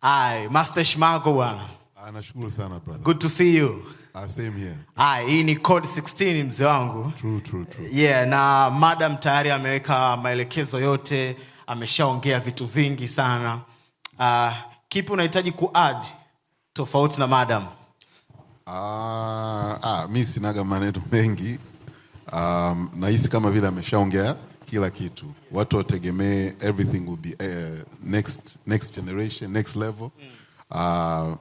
Hi, Master Shmagua. Anashukuru ah, sana brother. Good to see you. Ah, same here. Hi, hii ni code 16 mzee wangu. True, true, true. Yeah, na madam tayari ameweka maelekezo yote, ameshaongea vitu vingi sana. Uh, kipi unahitaji add tofauti na madam? Ah, ah, mimi sinaga maneno mengi. Um, nahisi kama vile ameshaongea kila kitu. Watu wategemee everything will be uh, next, next generation, next level. Mm. Uh,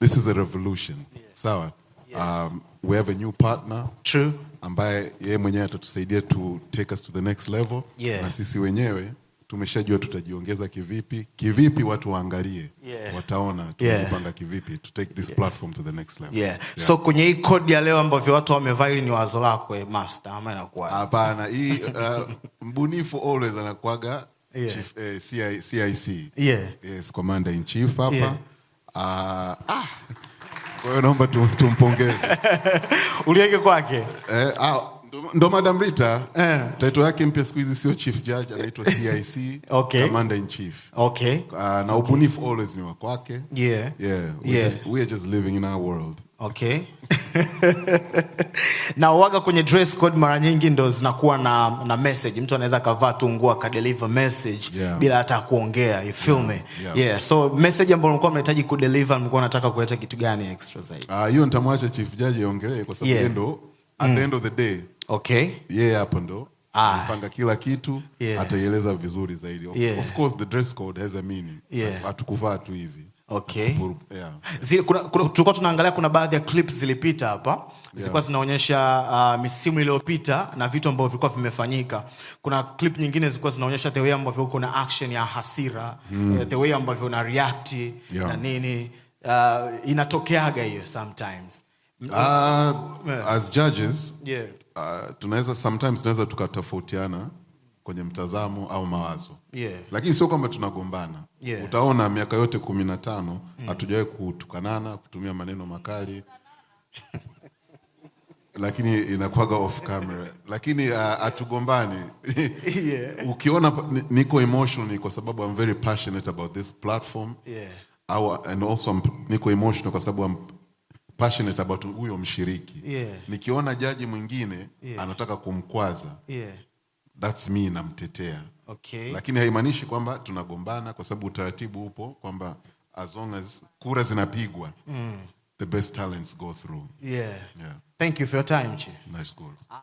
this is a revolution. Yeah. Sawa. Yeah. Um, we have a new partner. True. Ambaye yeye mwenyewe atatusaidia to take us to the next level. Yeah. Na sisi wenyewe tumeshajua tutajiongeza kivipi, kivipi watu waangalie, yeah. wataona tumejipanga yeah. kivipi to take this yeah. platform to the next level yeah. Yeah. So kwenye hii kodi ya leo ambavyo watu wamevaa, hili ni wazo lako eh, master, ama inakuwa hapana? Hii uh, mbunifu always anakuaga yeah. chief, eh, CIC yeah. yes, commander in chief hapa yeah. uh, ah kwa hiyo naomba tumpongeze uliweke kwake eh, ah, ndo, Madam Rita eh. Title yake mpya siku hizi sio chief judge, anaitwa CIC okay. commander in chief okay. Uh, na ubunifu okay. always ni wa kwake yeah. Yeah. We, yeah. Just, we are just living in our world okay na uwaga kwenye dress code mara nyingi ndo zinakuwa na, na message mtu anaweza akavaa tu nguo akadeliver message yeah. bila hata kuongea you feel yeah. me yeah. Yeah. so message ambayo mlikuwa mnahitaji kudeliver mlikuwa nataka kuleta kitu gani extra zaidi ah, hiyo uh, nitamwacha chief jaji aongelee kwa sababu yeah. ndo at mm. the end of the day okay. yeye yeah, hapo ndo ah. panga kila kitu yeah. ataieleza vizuri zaidi of, yeah. of course the dress code has a meaning yeah. hatukuvaa tu hivi okay. yeah. Zile, kuna, kuna, tulikuwa tunaangalia kuna baadhi ya clips zilipita hapa zilikuwa yeah. zinaonyesha uh, misimu iliyopita na vitu ambavyo vilikuwa vimefanyika kuna clip nyingine zilikuwa zinaonyesha the way ambavyo uko na action ya hasira mm. the way ambavyo una react yeah. na nini uh, inatokeaga hiyo sometimes Uh, As judges yeah. Uh, tunaweza sometimes tunaweza tukatofautiana kwenye mtazamo au mawazo yeah. Lakini sio kwamba tunagombana yeah. Utaona miaka yote kumi na tano mm. hatujawahi mm. kutukanana kutumia maneno makali lakini inakuwaga off camera lakini uh, hatugombani uh, yeah. Ukiona niko emotional kwa sababu I'm very passionate about this platform yeah. Our, and also I'm, niko emotional kwa sababu I'm, passionate about huyo mshiriki yeah. Nikiona jaji mwingine yeah. anataka kumkwaza yeah. that's me namtetea, okay. Lakini haimaanishi kwamba tunagombana, kwa sababu utaratibu upo kwamba as long as kura zinapigwa mm. the best talents go through yeah. Yeah. Thank you for your time. Nice school.